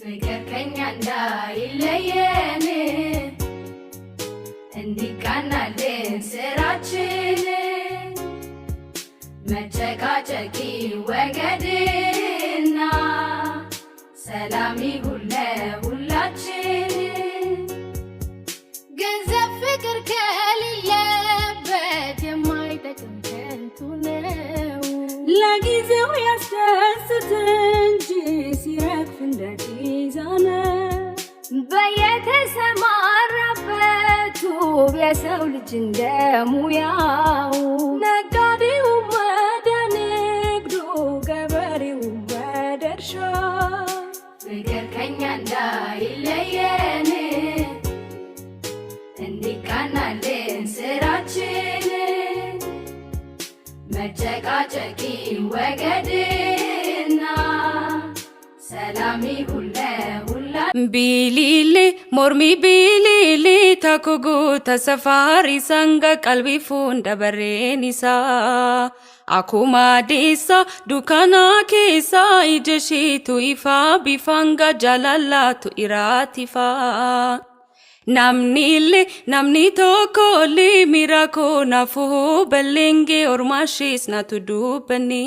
ፍቅር ከኛ እንዳይለየን እንዲቃናልን ስራችን መጨቃጨቂ ወገድና ሰላም ይሁን ለሁላችን። የሰው ልጅ እንደሙያው ነጋዴው ወደ ንግዱ፣ ገበሬው ወደ እርሻ ፍቅር ከኛ እንዳይለየን እንዲቃናልን ስራችን መጨቃጨቂ ወገድና ቢሊሊ ሞርሚ ቢሊሊ ታኮ ጉታ ሰፋሪ ሰንጋ ቀልቢ ፉን ደበሬን ኢሳ አኩማ ዴሳ ዱካና ኬሳ ኢጀሺቱ ኢፋ ቢፋንጋ ጃላላቱ ኢራቲፋ Namnille namni tokkolli mirakoo naafuu balleengee ormaashis na tudduubanni.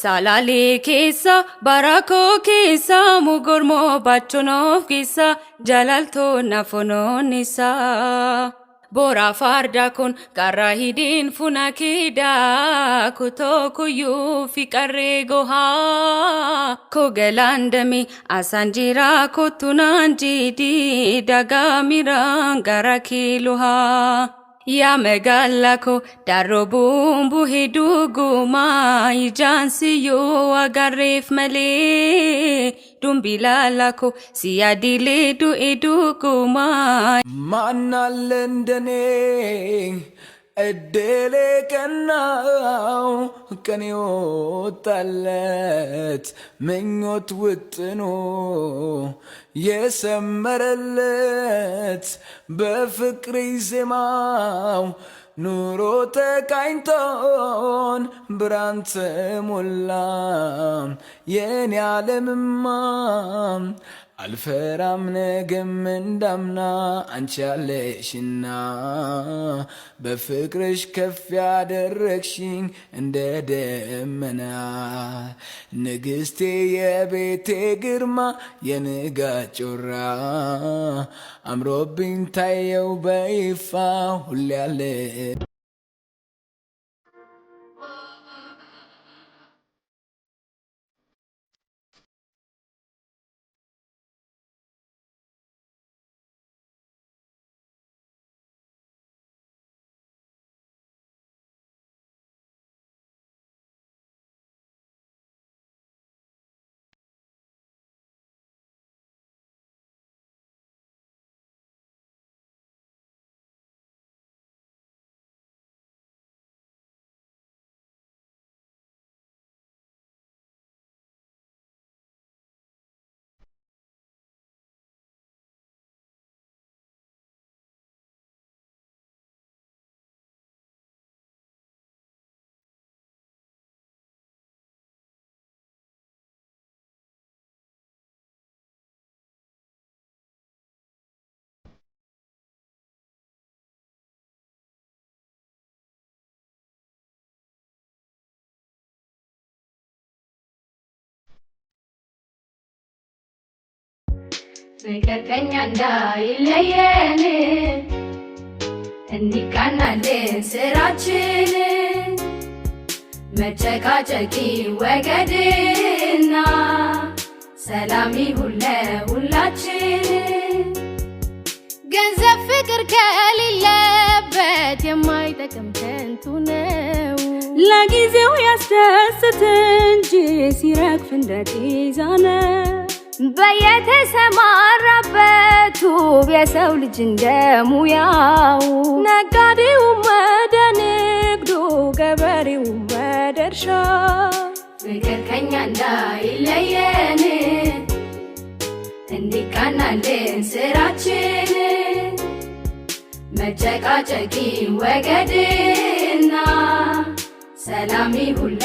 Salaalee keessa barakoo keessa mugormoo baachonoof keessa jaalaltoon afoonoon isaa. Booraa farda kun karraa hidhiin funa keedaa kutoo kuyyuu fi qarree gohaa. Koo galaan damee asaan jiraa kottunaan jiidhii dagaa miraan gara kiiluhaa. ya yamegalako darobumbu hiduguma yo agarif malee dumbilalako siyadilidu iduguma ማናለ እንደኔ እድሌ ቀና ቀን የወጣለት ምኞት ውጥኖ የሰመረለት በፍቅር ዜማው ኑሮ ተቃኝቶን ብርሃን ተሞላ የኔ ዓለምማ አልፈራም ነገም እንዳምና አንቺ ያለሽና በፍቅርሽ ከፍ ያደረግሽኝ እንደ ደመና ንግሥቴ የቤቴ ግርማ የንጋ ጮራ አምሮብኝ ታየው በይፋ ሁሌ ያለ ፍቅር ከኛ እንዳይለየን እንዲቃናልን ስራችን መጨቃጨቂ ወገድና ሰላም ይሁን ለሁላችን። ገንዘብ ፍቅር ከሌለበት የማይጠቅም ከንቱ ነው። ለጊዜው ያስደስት እንጂ ሲረግፍ እንደ ጤዛ ነው። በየተሰማራበት ውብ የሰው ልጅ እንደሙያው ነጋዴውም ወደ ንግዱ፣ ገበሬው ወደ እርሻ ፍቅር ከኛ እንዳይለየን እንዲቃናልን ስራችን መጨቃጨቂ ወገድና ሰላም ይሁን